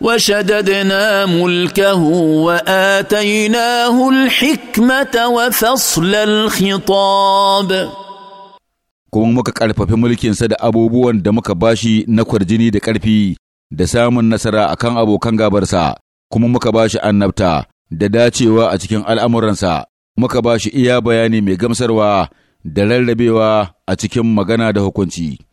وشددنا ملكه واتيناه الحكمه وفصل الخطاب kuma muka ƙarfafi mulkinsa da abubuwan da muka bashi na kwarjini da ƙarfi da samun nasara akan abokan gabarsa kuma muka bashi annabta da dacewa a cikin al'amuransa muka bashi iya bayani mai gamsarwa da rarrabewa a cikin magana da hukunci